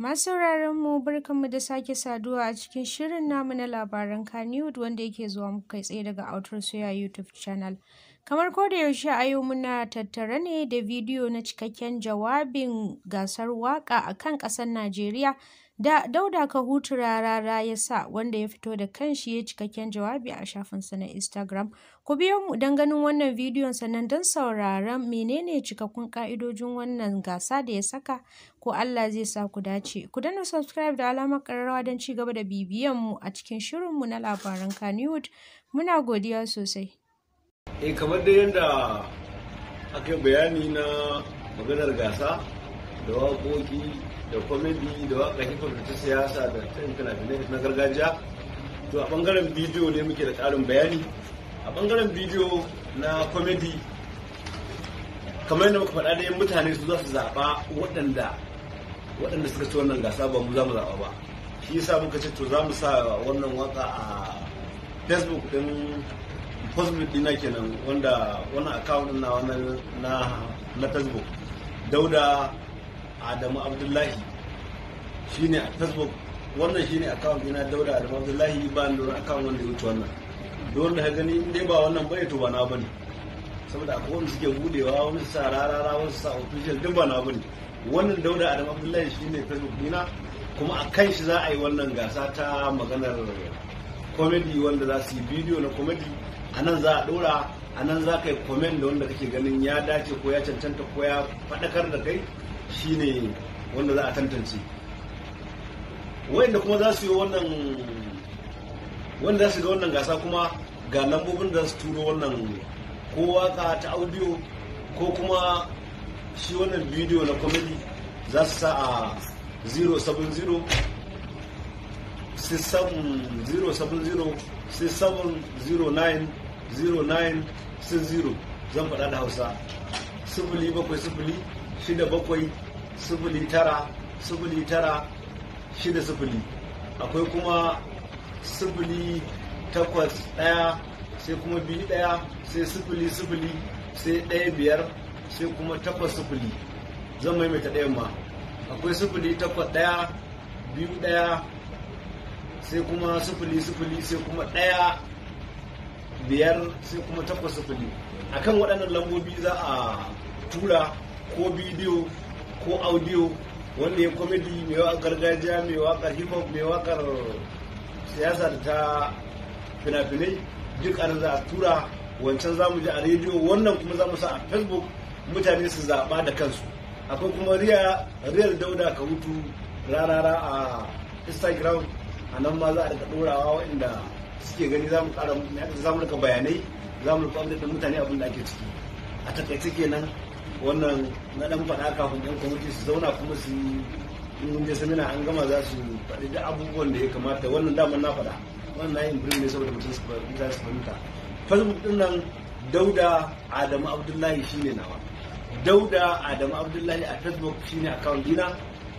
Masu mu barkanmu da sake saduwa a cikin shirin namu na labaran Kannywood wanda yake zuwa muku kai tsaye daga Autar Soya YouTube channel. Kamar kodayaushe a yau muna tattare ne da bidiyo na cikakken jawabin gasar waƙa a kan ƙasar Najeriya da Dauda Kahutu Rarara ya sa wanda ya fito da kanshi ya cikakken jawabi a shafinsa na Instagram. Ku biyo mu don ganin wannan bidiyon sannan don sauraron menene cikakkun ka'idojin wannan gasa da ya saka ko Allah zai sa ku dace. Ku danna subscribe da alamar kararrawa don ci gaba da bibiyan mu a cikin shirin mu na labaran Kannywood. Muna godiya sosai. eh kamar da yadda aka bayani na maganar gasa da waƙoƙi da kwamidi da waƙa hip da ta siyasa da ta fina na gargajiya to a ɓangaren bidiyo ne muke da ƙarin bayani a ɓangaren bidiyo na kwamidi kamar yadda muka faɗa dai mutane su za su zaɓa waɗanda waɗanda suka ci wannan gasa ba mu za mu zaɓa ba shi yasa muka ce to za mu sa wannan waka a facebook ɗin postmate dina kenan wanda wani account na wannan na na facebook dauda adamu abdullahi shine a facebook wannan shine account dina dauda adamu abdullahi ba ni da account wanda ya wuce wannan don wanda ka gani in dai ba wannan bane eh to ba na bane saboda akwai wanda suke budewa wani sa rarara wani sa official duk ba na bane wannan dauda adamu abdullahi shine facebook dina kuma a kan shi za a yi wannan gasa ta maganar comedy wanda za su yi bidiyo na comedy a nan za a dora a nan za ka yi comment da wanda kake ganin ya dace ko ya cancanta ko ya faɗakar da kai shine wanda za a tantance wanda kuma za su yi wannan wanda za su ga wannan gasa kuma ga lambobin da su turo wannan ko waka ta audio ko kuma shi wannan bidiyo na comedy za su sa a 070 6707090960 zan faɗa da hausa 07 bakwai 09 shida bakwai tara tara shida akwai kuma sifili takwas ɗaya sai kuma biyu ɗaya sai sifili sai ɗaya biyar sai kuma takwas zan maimaita ɗayan ma akwai sifili takwas ɗaya biyu sai kuma sufuli sufuli sai kuma ɗaya biyar sai kuma takwas sufuli kan waɗannan lambobi za a tura ko bidiyo ko audio wanda ya komedi mai waƙar gargajiya mai waƙar hip hop mai waƙar siyasa da ta fina-finai duk an za a tura wancan za mu ji a rediyo wannan kuma za mu sa a facebook mutane su zaɓa da kansu akwai kuma riya riyar dauda ka hutu rarara a instagram a nan ma za a rika ɗorawa waɗanda suke gani za mu ƙara za mu rika bayanai za mu rika da mutane abin da ake ciki a takaice kenan wannan na ɗan faɗa kafin ɗan kwamiti su zauna kuma su in mun je samina an gama za su faɗi da abubuwan da ya kamata wannan daman na faɗa wannan na yin birin ne saboda mutum su fahimta facebook ɗin nan dauda adamu abdullahi shine nawa dauda adamu abdullahi a facebook shine account dina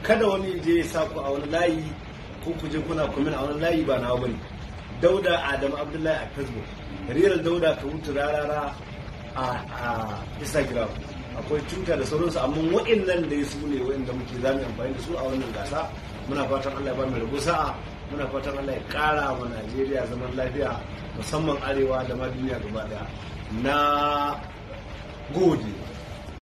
kada wani je ya ku a wani layi ko ku je kuna comment a wani layi ba na wani dauda adam abdullahi a facebook real dauda ka wuce rarara a instagram akwai twitter da sauransu amma waɗannan da su ne waɗanda muke za mu amfani da su a wannan gasa muna fatan allah ya ba mu rabu sa'a muna fatan allah ya kara wa najeriya zaman lafiya musamman arewa da ma duniya gaba daya na gode